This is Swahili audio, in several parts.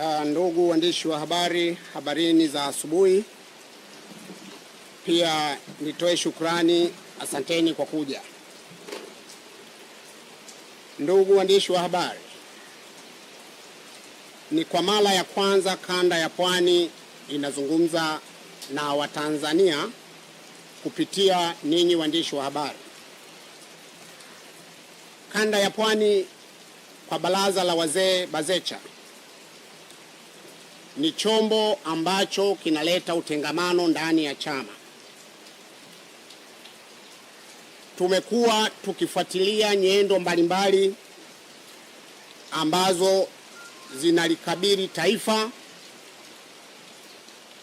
Uh, ndugu waandishi wa habari, habarini za asubuhi. Pia nitoe shukrani, asanteni kwa kuja. Ndugu waandishi wa habari, ni kwa mara ya kwanza kanda ya Pwani inazungumza na Watanzania kupitia ninyi waandishi wa habari. Kanda ya Pwani kwa Baraza la Wazee BAZECHA ni chombo ambacho kinaleta utengamano ndani ya chama. Tumekuwa tukifuatilia nyendo mbalimbali ambazo zinalikabili taifa,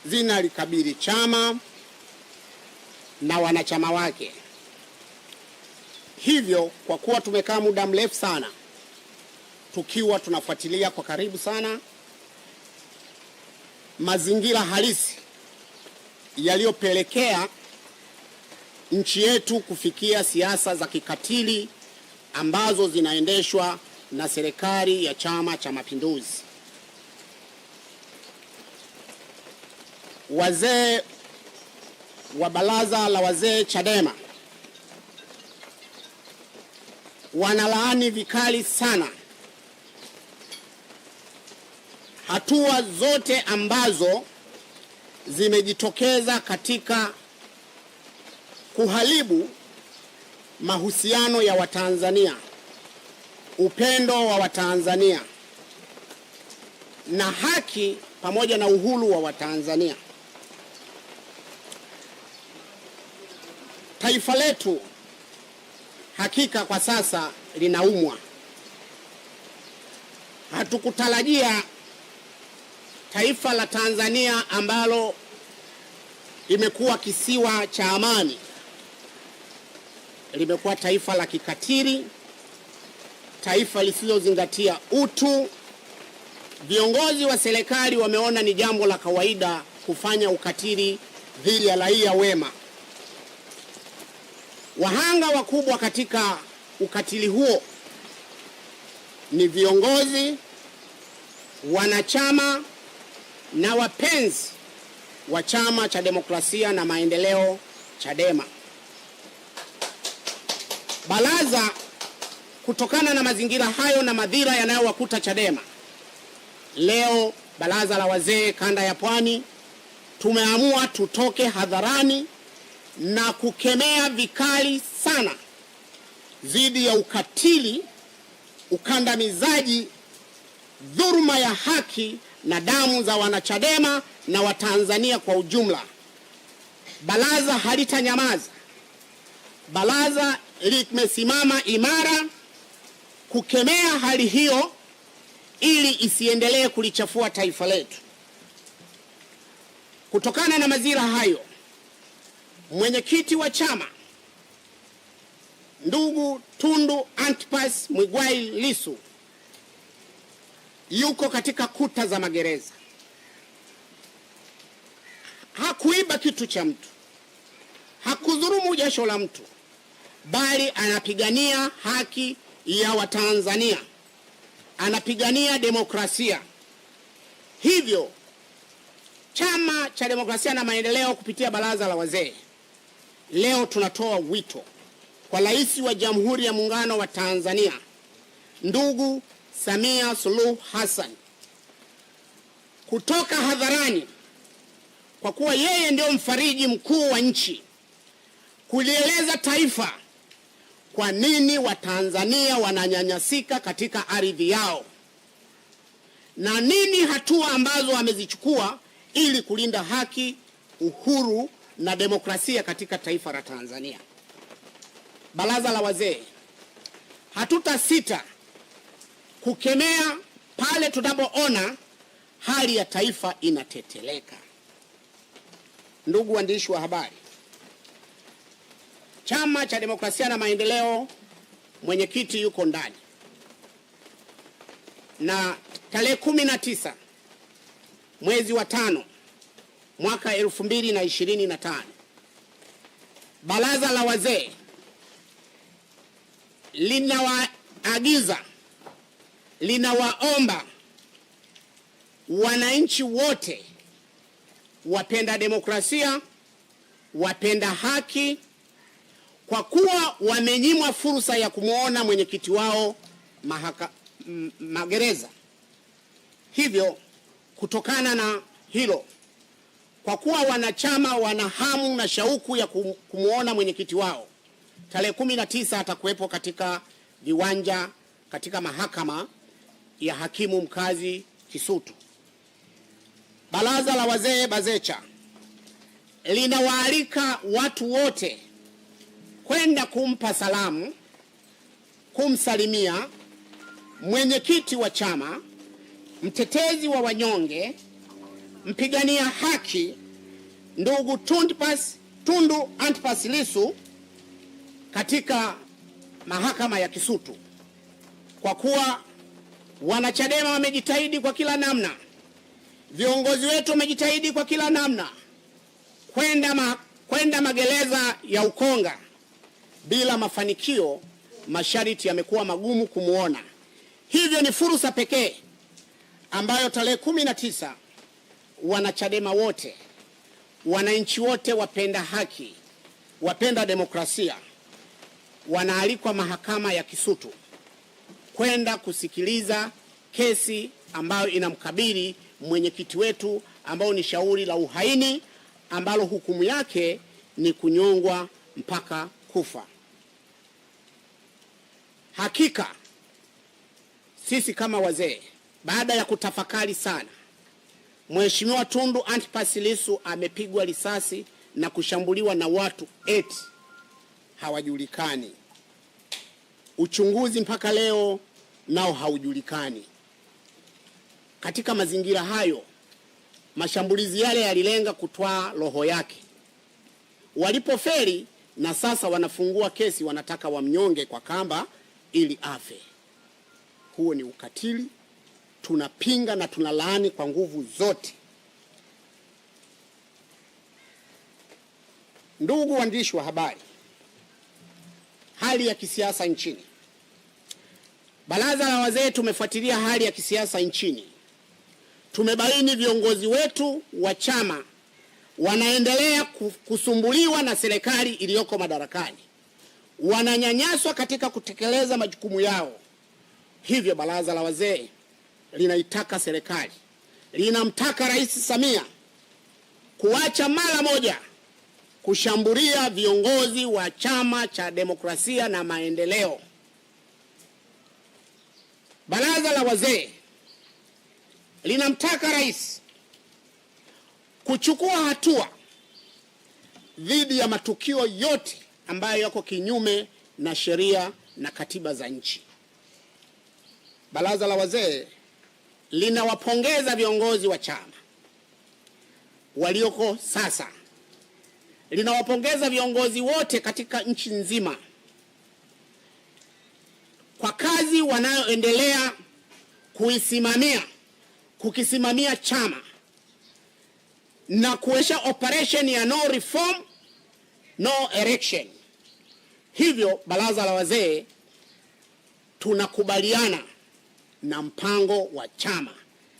zinalikabili chama na wanachama wake. Hivyo, kwa kuwa tumekaa muda mrefu sana tukiwa tunafuatilia kwa karibu sana mazingira halisi yaliyopelekea nchi yetu kufikia siasa za kikatili ambazo zinaendeshwa na serikali ya Chama cha Mapinduzi. Wazee wa Baraza la Wazee Chadema wanalaani vikali sana Hatua zote ambazo zimejitokeza katika kuharibu mahusiano ya Watanzania, upendo wa Watanzania na haki pamoja na uhuru wa Watanzania. Taifa letu hakika kwa sasa linaumwa. Hatukutarajia taifa la Tanzania ambalo limekuwa kisiwa cha amani limekuwa taifa la kikatili, taifa lisilozingatia utu. Viongozi wa serikali wameona ni jambo la kawaida kufanya ukatili dhidi ya raia wema. Wahanga wakubwa katika ukatili huo ni viongozi, wanachama na wapenzi wa Chama cha Demokrasia na Maendeleo Chadema. Baraza, kutokana na mazingira hayo na madhira yanayowakuta Chadema, leo baraza la wazee kanda ya Pwani tumeamua tutoke hadharani na kukemea vikali sana dhidi ya ukatili, ukandamizaji, dhuruma ya haki na damu za wanachadema na Watanzania kwa ujumla. Baraza halitanyamaza. Baraza limesimama imara kukemea hali hiyo ili isiendelee kulichafua taifa letu. Kutokana na mazira hayo, mwenyekiti wa chama ndugu Tundu Antipas Mwigwai Lissu yuko katika kuta za magereza, hakuiba kitu cha mtu, hakudhurumu jasho la mtu, bali anapigania haki ya Watanzania, anapigania demokrasia. Hivyo Chama cha Demokrasia na Maendeleo kupitia baraza la wazee leo tunatoa wito kwa Rais wa Jamhuri ya Muungano wa Tanzania ndugu Samia Suluhu Hassan kutoka hadharani, kwa kuwa yeye ndio mfariji mkuu wa nchi, kulieleza taifa kwa nini Watanzania wananyanyasika katika ardhi yao na nini hatua ambazo amezichukua ili kulinda haki, uhuru na demokrasia katika taifa la Tanzania. Baraza la wazee, hatutasita kukemea pale tunapoona hali ya taifa inateteleka. Ndugu waandishi wa habari, Chama cha Demokrasia na Maendeleo, mwenyekiti yuko ndani, na tarehe kumi na tisa mwezi wa tano mwaka elfu mbili na ishirini na tano baraza la wazee linawaagiza linawaomba wananchi wote wapenda demokrasia, wapenda haki, kwa kuwa wamenyimwa fursa ya kumwona mwenyekiti wao mahaka, magereza. Hivyo kutokana na hilo, kwa kuwa wanachama wana hamu na shauku ya kumwona mwenyekiti wao, tarehe 19 atakuwepo katika viwanja katika mahakama ya hakimu mkazi Kisutu. Baraza la wazee BAZECHA linawaalika watu wote kwenda kumpa salamu, kumsalimia mwenyekiti wa chama, mtetezi wa wanyonge, mpigania haki, ndugu Tundpas, Tundu Antipas lisu katika mahakama ya Kisutu kwa kuwa Wanachadema wamejitahidi kwa kila namna, viongozi wetu wamejitahidi kwa kila namna kwenda ma, kwenda magereza ya Ukonga bila mafanikio. Masharti yamekuwa magumu kumwona, hivyo ni fursa pekee ambayo tarehe kumi na tisa wanachadema wote, wananchi wote, wapenda haki, wapenda demokrasia wanaalikwa mahakama ya Kisutu kwenda kusikiliza kesi ambayo inamkabili mwenyekiti wetu, ambayo ni shauri la uhaini ambalo hukumu yake ni kunyongwa mpaka kufa. Hakika sisi kama wazee, baada ya kutafakari sana, Mheshimiwa Tundu Antipas Lissu amepigwa risasi na kushambuliwa na watu eti hawajulikani. Uchunguzi mpaka leo nao haujulikani. Katika mazingira hayo, mashambulizi yale yalilenga kutwaa roho yake. Walipofeli na sasa wanafungua kesi, wanataka wamnyonge kwa kamba ili afe. Huo ni ukatili, tunapinga na tunalaani kwa nguvu zote. Ndugu waandishi wa habari, hali ya kisiasa nchini. Baraza la wazee tumefuatilia hali ya kisiasa nchini, tumebaini viongozi wetu wa chama wanaendelea kusumbuliwa na serikali iliyoko madarakani, wananyanyaswa katika kutekeleza majukumu yao. Hivyo baraza la wazee linaitaka serikali, linamtaka Rais Samia kuacha mara moja kushambulia viongozi wa Chama cha Demokrasia na Maendeleo. Baraza la wazee linamtaka rais kuchukua hatua dhidi ya matukio yote ambayo yako kinyume na sheria na katiba za nchi. Baraza la wazee linawapongeza viongozi wa chama walioko sasa linawapongeza viongozi wote katika nchi nzima kwa kazi wanayoendelea kuisimamia kukisimamia chama na kuesha operation ya no reform no election. Hivyo baraza la wazee tunakubaliana na mpango wa chama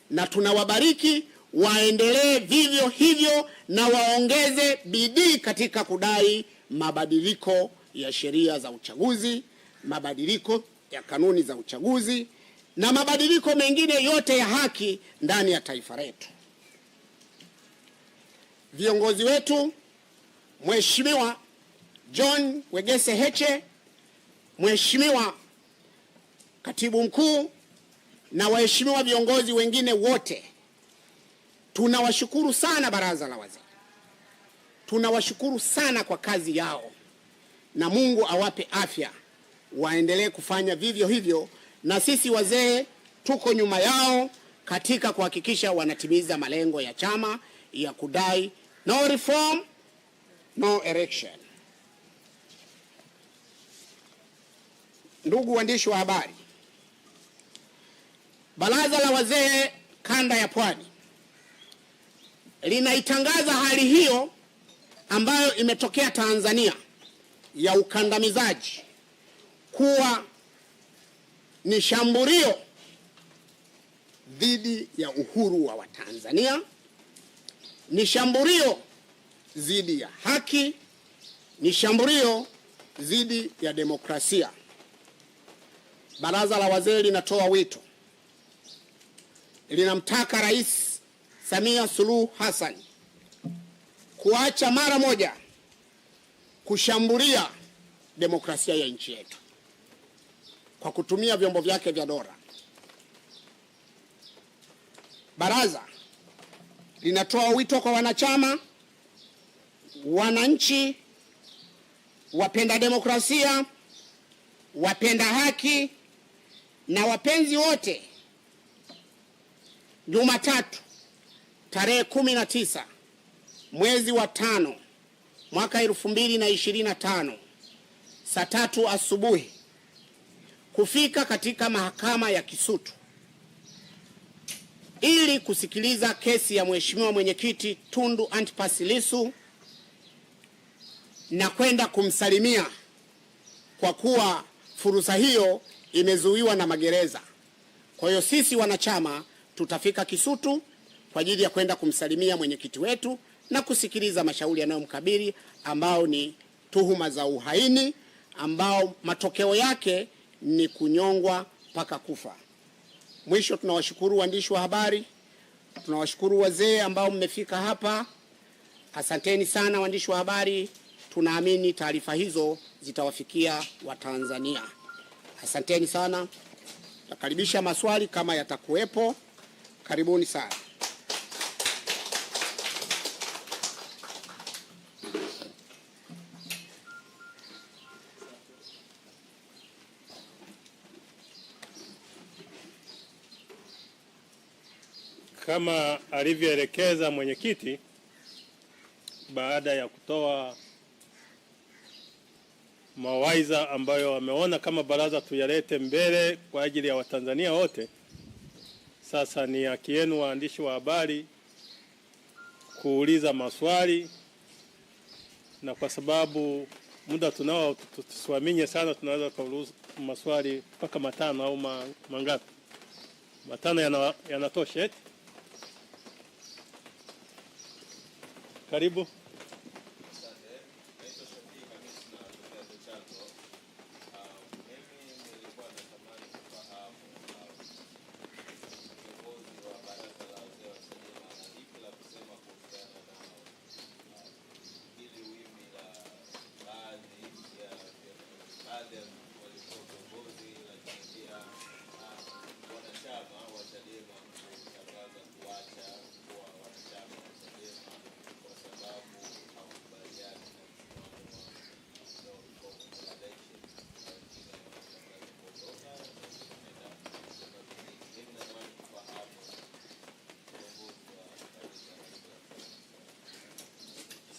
na tunawabariki waendelee vivyo hivyo na waongeze bidii katika kudai mabadiliko ya sheria za uchaguzi, mabadiliko ya kanuni za uchaguzi na mabadiliko mengine yote ya haki ndani ya taifa letu. Viongozi wetu Mheshimiwa John Wegese Heche, Mheshimiwa Katibu Mkuu na waheshimiwa viongozi wengine wote Tunawashukuru sana baraza la wazee, tunawashukuru sana kwa kazi yao, na Mungu awape afya, waendelee kufanya vivyo hivyo, na sisi wazee tuko nyuma yao katika kuhakikisha wanatimiza malengo ya chama ya kudai no reform no election. Ndugu waandishi wa habari, baraza la wazee kanda ya Pwani linaitangaza hali hiyo ambayo imetokea Tanzania ya ukandamizaji kuwa ni shambulio dhidi ya uhuru wa Watanzania, ni shambulio dhidi ya haki, ni shambulio dhidi ya demokrasia. Baraza la wazee linatoa wito, linamtaka rais Samia Suluhu Hassan kuacha mara moja kushambulia demokrasia ya nchi yetu kwa kutumia vyombo vyake vya dola. Baraza linatoa wito kwa wanachama, wananchi, wapenda demokrasia, wapenda haki na wapenzi wote Jumatatu Tarehe kumi na tisa mwezi wa tano mwaka elfu mbili na ishirini na tano saa tatu asubuhi kufika katika mahakama ya Kisutu ili kusikiliza kesi ya mheshimiwa mwenyekiti Tundu Antipas Lissu na kwenda kumsalimia kwa kuwa fursa hiyo imezuiwa na magereza. Kwa hiyo sisi wanachama tutafika Kisutu kwa ajili ya kwenda kumsalimia mwenyekiti wetu na kusikiliza mashauri yanayomkabili ambao ni tuhuma za uhaini ambao matokeo yake ni kunyongwa mpaka kufa. Mwisho, tunawashukuru waandishi wa habari, tunawashukuru wazee ambao mmefika hapa. Asanteni sana waandishi wa habari, tunaamini taarifa hizo zitawafikia Watanzania. Asanteni sana. Nakaribisha maswali kama yatakuwepo. Karibuni sana. Kama alivyoelekeza mwenyekiti baada ya kutoa mawaidha ambayo wameona kama baraza tuyalete mbele kwa ajili ya Watanzania wote. Sasa ni haki yenu waandishi wa habari kuuliza maswali, na kwa sababu muda tunao tusiwaminye sana, tunaweza kuuliza maswali mpaka matano au mangapi? Matano yanatosha eti? Eh? Karibu.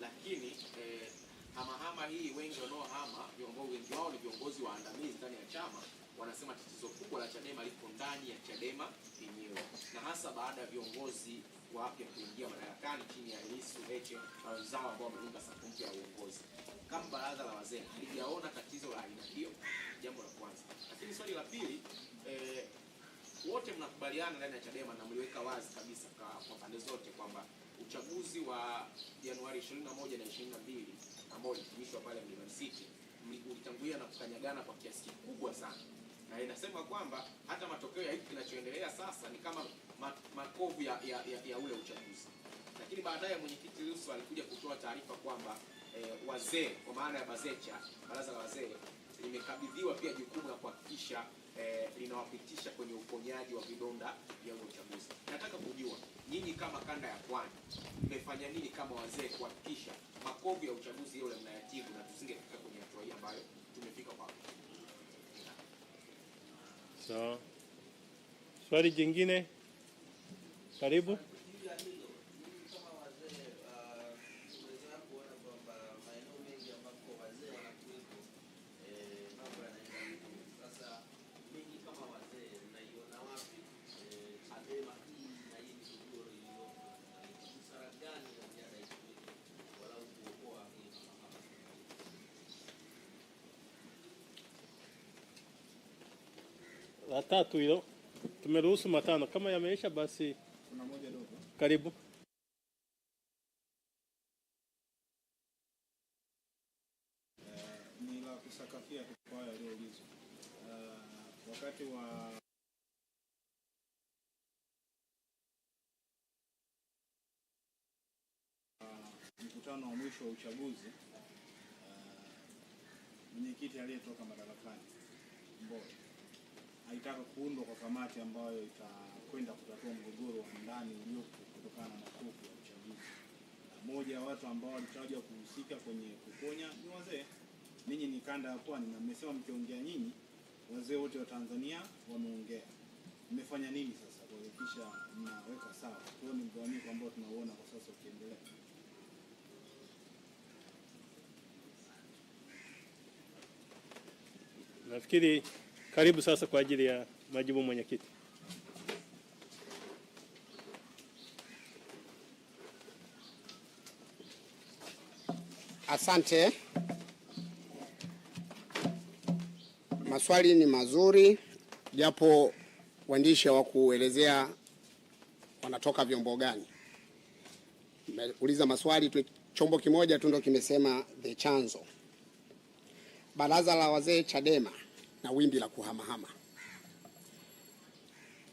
lakini eh, hamahama hii, wengi wanaohama viongozi, wengi wao ni viongozi waandamizi ndani ya chama, wanasema tatizo kubwa la Chadema liko ndani ya Chadema yenyewe, na hasa baada ya viongozi wapya kuingia madarakani chini ya Lissu, Heche na wenzao ambao wameunda safu mpya ya uongozi. Kama baraza la wazee halijaona tatizo la aina hiyo, jambo la kwanza. Lakini swali la pili eh, wote mnakubaliana ndani ya Chadema na mliweka wazi kabisa kwa pande zote kwamba uchaguzi wa Januari 21 na 22 ambao ulitumishwa pale Mlimani City ulitangulia na kukanyagana kwa kiasi kikubwa sana, na inasema kwamba hata matokeo ya hiki kinachoendelea sasa ni kama makovu ya, ya, ya, ya ule uchaguzi. Lakini baadaye mwenyekiti Lissu alikuja kutoa taarifa kwamba e, wazee kwa maana ya BAZECHA, baraza la wazee limekabidhiwa pia jukumu la kuhakikisha eh, linawapitisha kwenye uponyaji wa vidonda vya uchaguzi. Nataka kujua nyinyi kama kanda ya Pwani mmefanya nini kama wazee kuhakikisha makovu ya uchaguzi yule mnayatibu na tusingefika kwenye hatua hii ambayo tumefika kwa sawa. So, swali jingine, karibu. la tatu hilo tumeruhusu matano. Kama yameisha basi kuna moja dogo. Karibu. ni la kusakafia wakati wa mkutano wa mwisho wa uchaguzi uh, mwenyekiti aliyetoka madarakani Mbowe haitaka kuundwa kwa kamati ambayo itakwenda kutatua mgogoro wa ndani uliopo kutokana na makovu ya uchaguzi. Moja ya watu ambao walitajwa kuhusika kwenye kuponya ni wazee. Ninyi ni kanda ya Pwani na mmesema mkiongea nyinyi wazee wote wa Tanzania wameongea. Mmefanya nini sasa kuhakikisha mnaweka sawa? Kwa ni mgawanyiko ambao tunauona kwa sasa ukiendelea. Nafikiri karibu sasa kwa ajili ya majibu mwenyekiti. Asante. Maswali ni mazuri, japo waandishi kuelezea wanatoka vyombo gani. Umeuliza maswali tu, chombo kimoja tu ndo kimesema the chanzo. Baraza la wazee Chadema na wimbi la kuhamahama.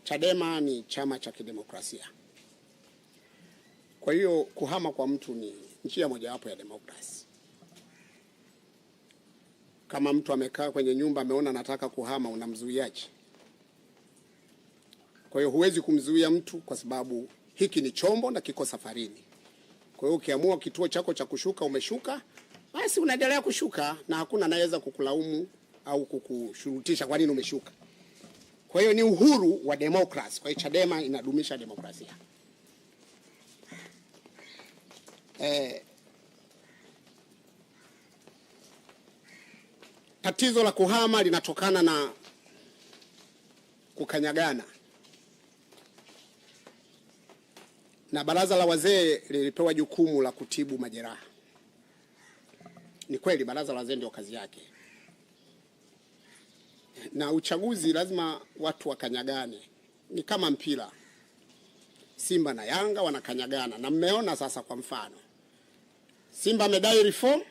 Chadema ni chama cha kidemokrasia, kwa hiyo kuhama kwa mtu ni njia mojawapo ya demokrasi. Kama mtu amekaa kwenye nyumba ameona anataka kuhama, unamzuiaje? Kwa hiyo huwezi kumzuia mtu kwa sababu hiki ni chombo na kiko safarini. Kwa hiyo ukiamua kituo chako cha kushuka umeshuka, basi unaendelea kushuka na hakuna anayeweza kukulaumu au kukushurutisha kwa nini umeshuka. Kwa hiyo ni uhuru wa demokrasi. Kwa hiyo Chadema inadumisha demokrasia. Eh, tatizo la kuhama linatokana na kukanyagana, na baraza la wazee lilipewa jukumu la kutibu majeraha. Ni kweli baraza la wazee ndio kazi yake, na uchaguzi lazima watu wakanyagane, ni kama mpira. Simba na Yanga wanakanyagana, na mmeona sasa. Kwa mfano, Simba amedai reform,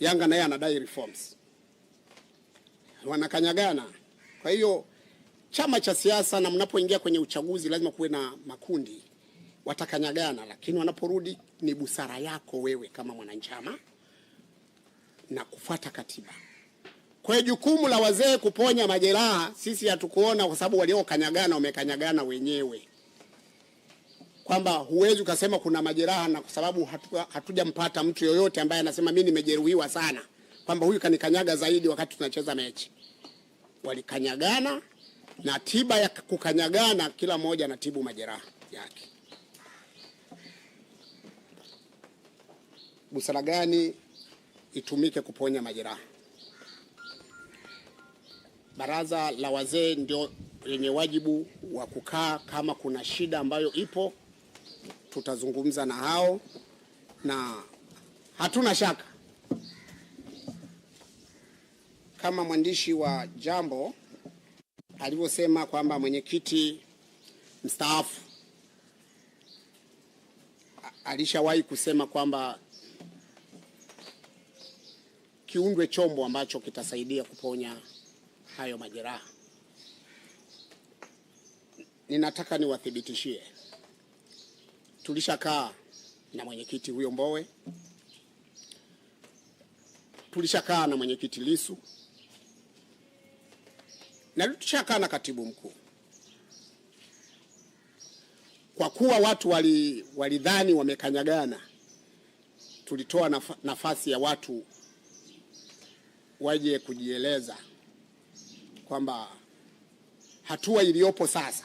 Yanga naye anadai reforms, wanakanyagana. Kwa hiyo chama cha siasa, na mnapoingia kwenye uchaguzi lazima kuwe na makundi, watakanyagana, lakini wanaporudi, ni busara yako wewe kama mwanachama na kufuata katiba. Kwa jukumu la wazee kuponya majeraha, sisi hatukuona, kwa sababu waliokanyagana wamekanyagana wenyewe, kwamba huwezi ukasema kuna majeraha, na kwa sababu hatu, hatujampata mtu yoyote ambaye anasema mimi nimejeruhiwa sana, kwamba huyu kanikanyaga zaidi wakati tunacheza mechi. Walikanyagana na tiba ya kukanyagana, kila mmoja anatibu majeraha yake. Busara gani itumike kuponya majeraha? baraza la wazee ndio lenye wajibu wa kukaa. Kama kuna shida ambayo ipo, tutazungumza na hao, na hatuna shaka kama mwandishi wa Jambo alivyosema kwamba mwenyekiti mstaafu alishawahi kusema kwamba kiundwe chombo ambacho kitasaidia kuponya hayo majeraha. Ninataka niwathibitishie, tulishakaa na mwenyekiti huyo Mbowe, tulishakaa na mwenyekiti Lisu na tulishakaa na katibu mkuu. Kwa kuwa watu walidhani wali wamekanyagana, tulitoa nafasi ya watu waje kujieleza kwamba hatua iliyopo sasa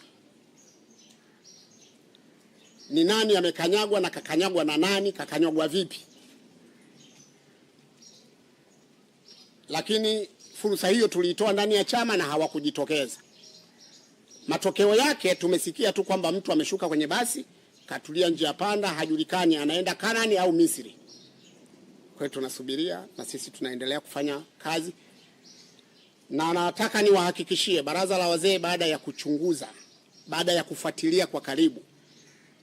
ni nani amekanyagwa na kakanyagwa na nani, kakanyagwa vipi. Lakini fursa hiyo tuliitoa ndani ya chama na hawakujitokeza. Matokeo yake tumesikia tu kwamba mtu ameshuka kwenye basi katulia njia panda, hajulikani anaenda Kanani au Misri. Kwa hiyo tunasubiria na sisi tunaendelea kufanya kazi na nataka niwahakikishie baraza la wazee, baada ya kuchunguza, baada ya kufuatilia kwa karibu,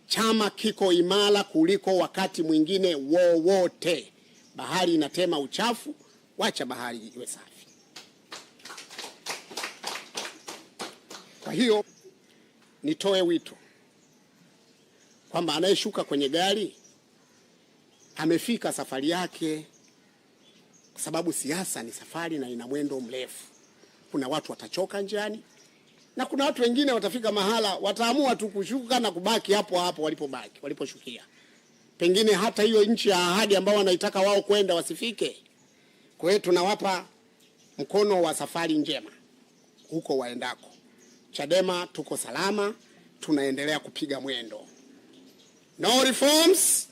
chama kiko imara kuliko wakati mwingine wowote. Bahari inatema uchafu, wacha bahari iwe safi. Kwa hiyo nitoe wito kwamba anayeshuka kwenye gari amefika safari yake, kwa sababu siasa ni safari na ina mwendo mrefu kuna watu watachoka njiani na kuna watu wengine watafika mahala wataamua tu kushuka na kubaki hapo hapo walipobaki waliposhukia. Pengine hata hiyo nchi ya ahadi ambao wanaitaka wao kwenda wasifike. Kwa hiyo tunawapa mkono wa safari njema huko waendako. Chadema tuko salama, tunaendelea kupiga mwendo. No reforms